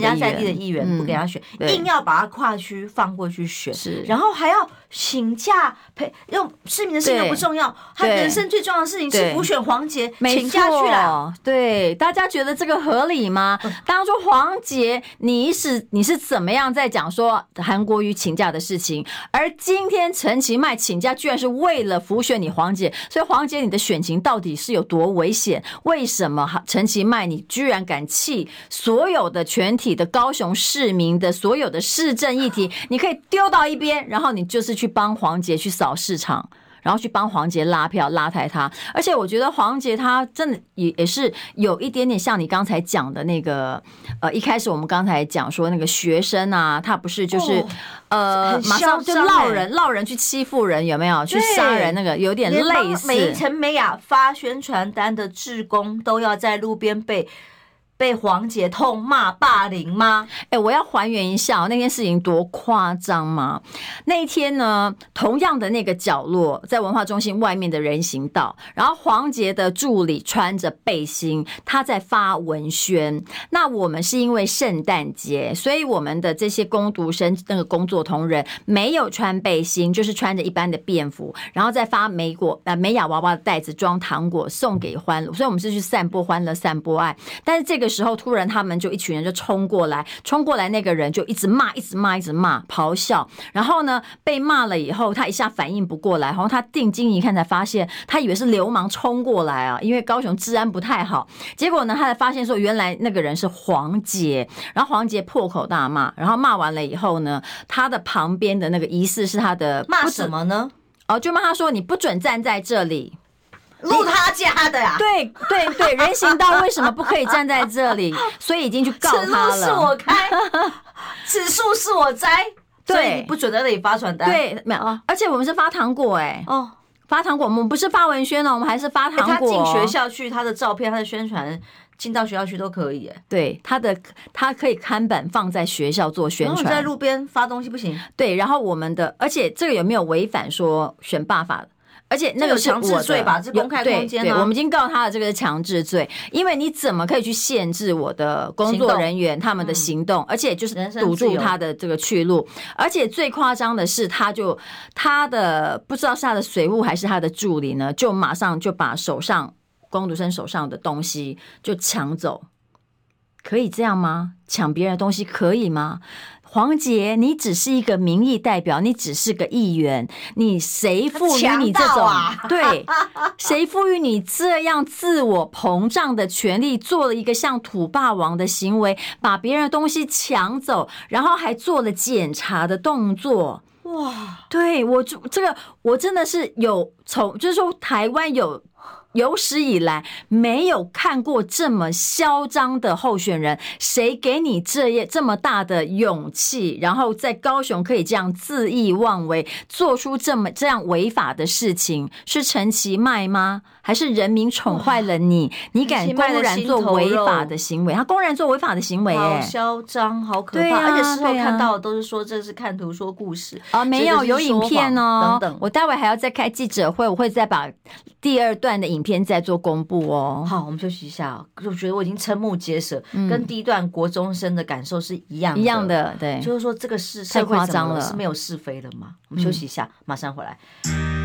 家在地的議員、嗯、不給他選，硬要把他跨區放過去選，然後還要請假陪。用市民的事情不重要，他人生最重要的事情是輔選黃捷請假去了、
哦。對，大家覺得這個合理嗎？嗯、當初黃捷，你是你是怎麼樣在講說韓國瑜請假的事情？而今天陳其邁。請假，居然是為了輔選你黃捷，所以黃捷你的選情到底是有多危險？為什麼陳其邁你居然敢棄所有的全體的高雄市民的所有的市政議題，你可以丟到一邊，然後你就是去幫黃捷去掃市場？然後去幫黃捷拉票拉抬他，而且我覺得黃捷他真的也也是有一點點像你剛才講的那個，呃，一開始我們剛才講說那個學生啊，他不是就是、哦、呃，馬上就烙人烙人去欺負人有沒有？去殺人那個有點類似。陳
美雅發宣傳單的志工都要在路邊被。
被黃捷痛罵霸凌嗎？哎、欸，我要還原一下、喔、那件事情多誇張嗎？那一天呢，同樣的那個角落，在文化中心外面的人行道，然後黃捷的助理穿着背心，他在發文宣。那我們是因為聖誕節，所以我們的這些工讀生、那個工作同仁沒有穿背心，就是穿着一般的便服，然後再發美果、呃，美雅娃娃的袋子裝糖果送給歡樂。所以我們是去散播歡樂、散播愛，但是這個。時候突然，他們就一群人就衝過來，衝過來那個人就一直罵，一直罵，一直罵，咆哮。然後呢，被罵了以後，他一下反應不過來。然後他定睛一看，才發現他以為是流氓衝過來啊，因為高雄治安不太好。結果呢，他才發現說，原來那個人是黃捷。然後黃捷破口大罵，然後罵完了以後呢，他的旁邊的那個疑似是他的罵什麼呢？哦，就罵他說你不准站在這裡。
路他家的呀、啊？對對對，對，人行道為什麼不可以站在這
裡？ 所以已經去告他了。此路是我開， 此樹是我栽，對。所以你不准在那裡發傳單。對，沒有。而且我們是發糖果哎。哦，發糖果，我們不
是發文宣哦，我們還是發糖果。哎、他進學校去，他的照片，他的宣傳進到學校去都可
以。對，他的他可以看板放在學校做宣傳。嗯、然後在路
邊發東西不
行。對，然後我們的，而且這個有沒有違反說選罷法？
而且那個強制罪吧？這是公開空間嗎、啊？我們已經
告訴他的，這個是強制罪，因為你怎麼可以去限制我的工作人員他們的行動、嗯？而且就是堵住他的這個去路。而且最誇張的是他，他就他的不知道是他的隨扈還是他的助理呢，就馬上就把手上工讀生手上的東西就搶走，可以這樣嗎？搶別人的東西可以嗎？黃杰，你只是一個民意代表，你只是個議員，你誰賦予你這種？啊、 對，誰賦予你這樣自我膨脹的權利？做了一個像土霸王的行為，把別人的東西搶走，然後還做了檢查的動作。哇，對我這這個，我真的是有從，就是說台灣有。有史以來沒有看過這麼囂張的候選人，誰給你這樣這麼大的勇氣，然後在高雄可以這樣恣意妄為，做出這麼這樣違法的事情，是陳其邁嗎？還是人民寵壞了你？你敢公然做違法的行為？他公然做違法的行為，欸，好
囂張，好可怕！啊、而且事後看到的都是說這是看圖說故事啊，沒有有影片哦。等等，
我待會還要再開記者會，我會再把第二段的影片再做公布哦。好，我們休息一下，我覺得我已經瞠目結
舌，嗯，跟第一段國中生的感受是一樣的一樣的。對，就是說這個事太誇張了，了，是沒有是非了嗎？我們休息一下，嗯，馬上回來。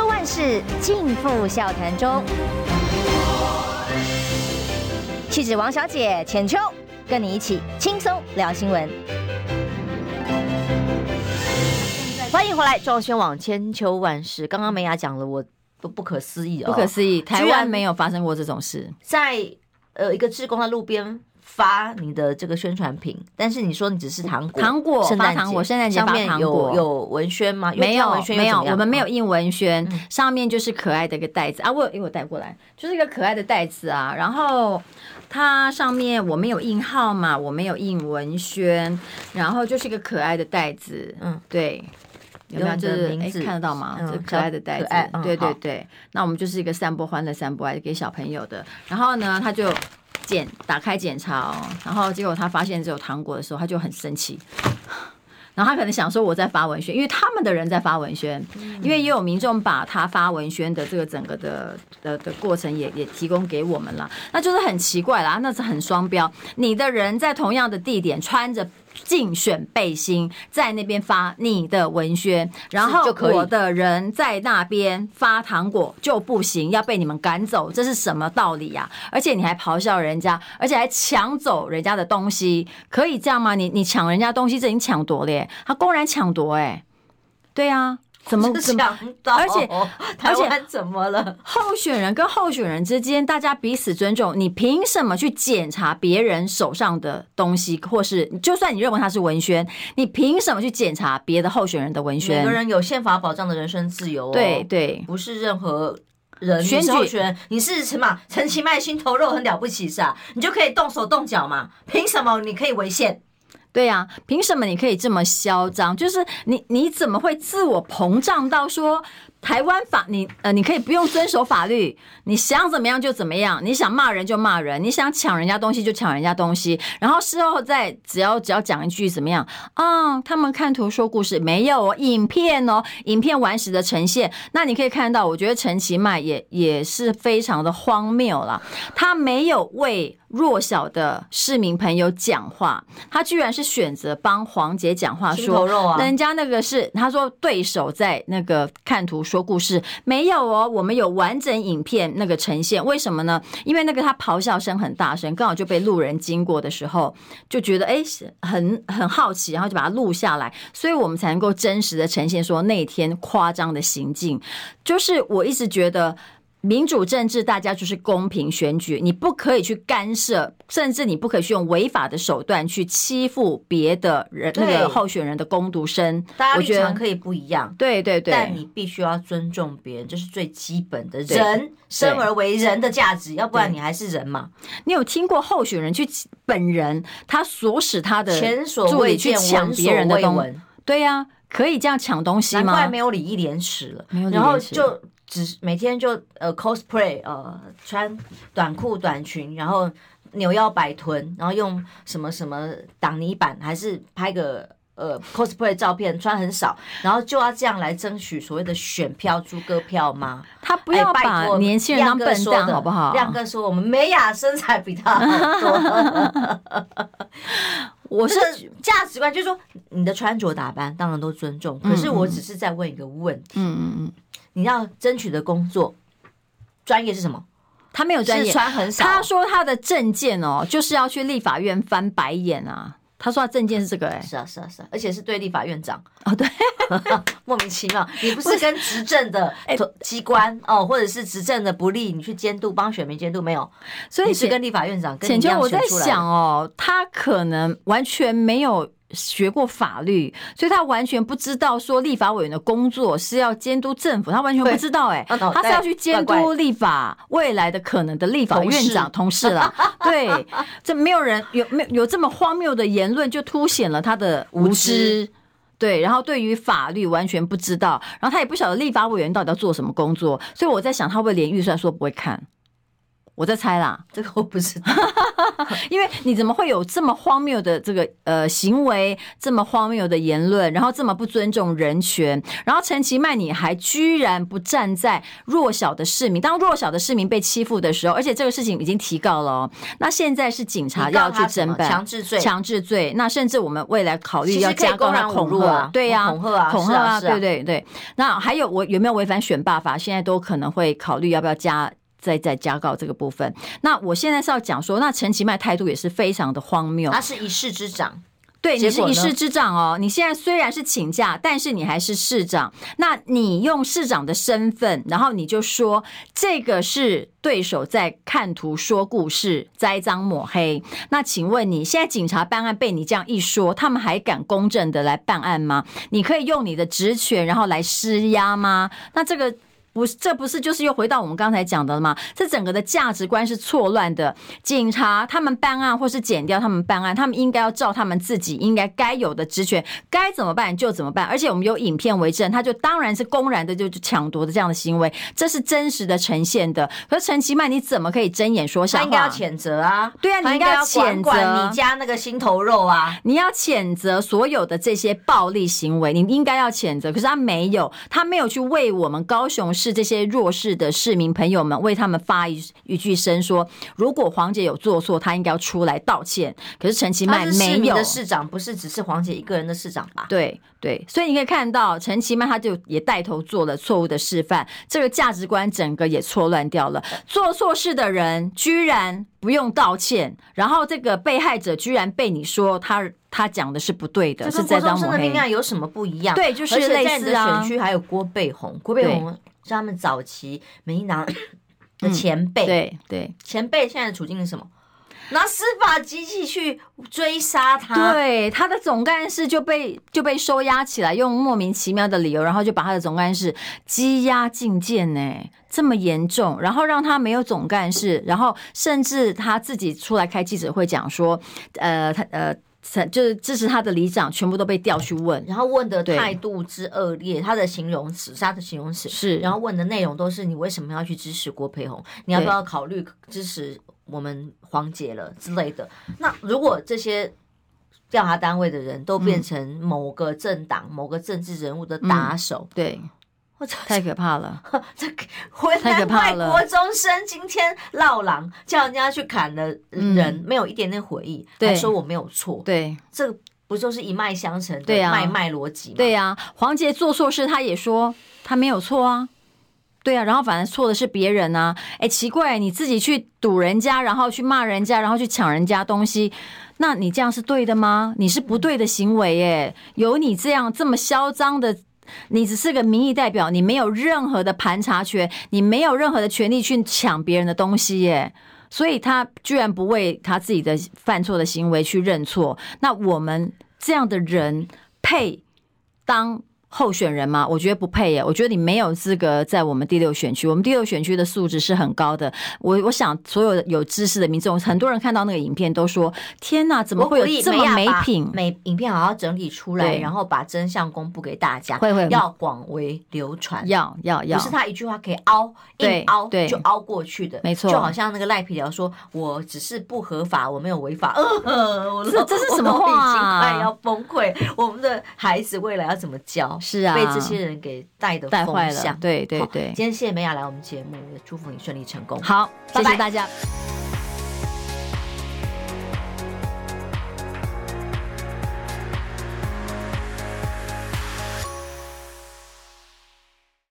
千秋萬事盡付笑談中。氣質王小姐淺秋，跟你一起輕鬆聊新聞。歡迎回來，中宣網千秋萬事。剛剛美雅講了我，我都不可思議啊、哦，不可思議，台灣沒有發生過這種事，在呃一個志工的路邊，發你的這個宣傳品，但是你說你只是糖果，糖果發糖果，現在你糖果，上面有有文宣嗎？沒有，有，沒有，我們
沒有印文宣，哦、上面就是可愛的一個袋子，嗯、啊。我哎、欸，我帶過來就是一個可愛的袋子啊。然後它上面我沒有印號碼，我沒有印文宣，然後就是一個可愛的袋子。嗯，對，有沒有這、這個、名字、欸？看得到嗎？嗯，這可愛的袋子，啊，對對對，嗯。那我們就是一個散播歡樂，散播愛給小朋友的。然後呢，他就。檢打開檢查哦，然後結果他發現只有糖果的時候，他就很生氣。然後他可能想說我在發文宣，因為他們的人在發文宣，因為也有民眾把他發文宣的這個整個的的的的過程也也提供給我們了，那就是很奇怪啦，那是很雙標。你的人在同樣的地點穿着。競選背心在那邊發你的文宣，然後我的人在那邊發糖果就不行，要被你們趕走，這是什麼道理呀、啊？而且你還咆哮人家，而且還搶走人家的東西，可以這樣嗎？你你搶人家東西，這已經搶奪了耶！他公然搶奪，哎，對啊。怎麼，怎麼想到，而且還怎麼了？候選人跟候選人之間，大家彼此尊重，你憑什麼去檢查別人手上的東西？或是，就算你認為他是文宣，你憑什麼去檢查別的候選人的文宣？每個人
有憲法保障的人身自由、哦，對，對對，不是任何
人選舉，
你是什麼陳其邁心頭肉，很了不起，是啊，你就可以動手動腳嘛？憑什麼你可以違憲？
對呀、啊，憑什麼你可以這麼囂張？就是你你怎麼會自我膨脹到說台灣法你呃你可以不用遵守法律，你想怎麼樣就怎麼樣，你想罵人就罵人，你想搶人家東西就搶人家東西，然後事後再只要只要講一句怎麼樣啊、嗯？他們看圖說故事沒有、哦、影片哦，影片完實的呈現，那你可以看到，我覺得陳其邁也也是非常的荒謬了，他沒有為。弱小的市民朋友講話，他居然是選擇幫黃捷講話說，說、啊、人家那個是他說對手在那個看圖說故事，沒有哦，我們有完整影片那個呈現，為什麼呢？因為那個他咆哮聲很大聲，剛好就被路人經過的時候就覺得哎很很好奇，然後就把它錄下來，所以我們才能夠真實的呈現說那天誇張的行徑，就是我一直覺得。民主政治，大家就是公平選舉，你不可以去干涉，甚至你不可以去用違法的手段去欺負別的人，那個候選人的工讀生。大家立場可以不一樣，對對對，但你
必須要尊重別人，這，就是最基本
的人生而為人的價
值，要不然你還是人嘛？
你有聽過候選人去本人他唆使他的助理，去搶別的，前所未見搶別人的東？對呀，啊，可以這樣搶東西嗎？難怪沒有禮義廉恥了，然後就。只是每天
就呃 cosplay 呃，穿短褲短裙，然後扭腰擺臀，然後用什麼什麼擋泥板，還是拍個呃 cosplay 照片，穿很少，然後就要這樣來爭取所謂的選票、豬哥票嗎？他不要把年輕人當笨蛋，好不好，哎亮哥？亮哥說我們美雅身材比他好。 我是，是價值觀，就是說你的穿着打扮當然都尊重，可是我只是在問一個問題。嗯嗯嗯。你要爭取的工作
專業是什麼？他沒有專業，他說他的政見哦，就是要去立法院翻白眼啊。他說他的政見是這個、欸，哎，是啊，是啊，是啊，而且是對立法院長哦對、 啊，莫名其妙。你不是跟執政的哎機關、欸、哦，或
者是執政的不力，你去監督幫選民監督沒有？所以你是跟立法院長跟你的。淺秋我在想
哦，他可能完全沒有學過法律，所以他完全不知道說，立法委員的工作是要監督政府，他完全不知道哎、欸，他是要去監督立法未來的可能的立法院長同事，同事啦，對，這沒有人，有沒有這麼荒謬的言論，就凸顯了他的無知，無知，對，然後對於法律完全不知道，然後他也不曉得立法委員到底要做什麼工作，所以我在想他會，會連預算說不會看。我在猜啦，這個我不知道，因為你怎麼會有這麼荒謬的這個呃行為，這麼荒謬的言論，然後這麼不尊重人權，然後陳其邁你還居然不站在弱小的市民，當弱小的市民被欺負的時候，而且這個事情已經提告了，喔，哦。那現在是警察要去偵辦，強制罪，強制罪，那甚至我們未來考慮要加告，恐嚇，對呀，啊，恐嚇啊，恐嚇啊，啊，啊，對對對，那還有我有沒有違反選罷法，現在都可能會考慮要不要加。在在加告這個部分，那我現在是要講說，那陳其邁態度也是非常的荒謬。他是一市之長，對，你是一市之長哦。你現在雖然是請假，但是你還是市長。那你用市長的身份，然後你就說這個是對手在看圖說故事，栽贓抹黑。那請問你現在警察辦案被你這樣一說，他們還敢公正的來辦案嗎？你可以用你的職權，然後來施壓嗎？那這個。不是，這不是就是又回到我們剛才講的了嗎？這整個的價值觀是錯亂的。警察他們辦案，或是檢調他們辦案，他們應該要照他們自己應該該有的職權，該怎麼辦就怎麼辦。而且我們有影片為證，他就當然是公然的就搶奪的這樣的行為，這是真實的呈現的。可是陳其邁，你怎麼可以睜眼說瞎話？他應該要譴責啊！對啊，你應該要譴責，要管管你家
那個心頭肉啊！
你要譴責所有的這些暴力行為，你應該要譴責。可是他沒有，他沒有去為我們高雄市。是這些弱勢的市民朋友們，為他們發一一句聲說，如果黃捷有做錯，她應該要出來道歉。可是陳其邁沒有。陳其邁的市
長，不是只是黃捷一個人的市長吧？對
對，所以你可以看到陳其邁，他就也帶頭做了錯誤的示範，這個價值觀整個也錯亂掉了。做錯事的人居然不用道歉，然後這個被害者居然被你說他他講的是不對的，是在國中生、啊、的命案有什麼
不一樣？對，就是類似的選區
還有郭背紅，郭背紅。他們早期民
進黨的前輩、嗯，對對，前輩現在的處境是什麼？
拿司法機器去追殺他，對他的總幹事就被就被收押起來，用莫名其妙的理由，然後就把他的總幹事羈押禁見呢，這麼嚴重，然後讓他沒有總幹事，然後甚至他自己出來開記者會講說，呃，他呃。就是支持他的里長，全部都被調去問，然後問的態
度之惡劣，他的形容詞，他的形容詞是，然後問的內容都是你為什麼要去支持郭培宏？你要不要考慮支持我們黃捷了之類的？那如果這些調查單位的人都變成某個政黨、嗯、某個政治人物的打
手，嗯嗯、對。太可怕了！這 太可怕了，國
中生。今天鬧狼，叫人家去砍的人，嗯、沒有一點點悔意，對，說我沒有錯。對，這不就是一脈相承啊，買賣邏輯，對啊，對啊，
黃捷做錯事，他也說他沒有錯啊。對啊，然後反正錯的是別人啊！哎，奇怪，你自己去堵人家，然後去罵人家，然後去搶人家東西，那你這樣是對的嗎？你是不對的行為，耶。有你這樣這麼囂張的。你只是個民意代表，你沒有任何的盤查權，你沒有任何的權利去搶別人的東西耶。所以他居然不為他自己的犯錯的行為去認錯，那我們這樣的人配當？候選人嘛，我覺得不配耶！我覺得你沒有資格在我們第六選區。我們第六選區的素質是很高的。我我想，所有有知識的民眾，很多人看到那個影片都說：“天吶，怎麼會有這麼沒品？”沒
每影片好好整理出來，然後把真相公布給大家，會會要廣為流傳，要要要，不是他一句話可以凹一凹就凹過去的，去的沒錯。就好像那個賴皮寮說：“我只是不合法，我沒有違法。呃”呃，我說這是什麼話啊？要崩潰！我們的孩子未來要怎麼教？是啊，被這些人給帶的帶壞了。對對對，今天謝謝美雅來我們節目，也祝福你順利成功。好，
拜拜，謝謝大家。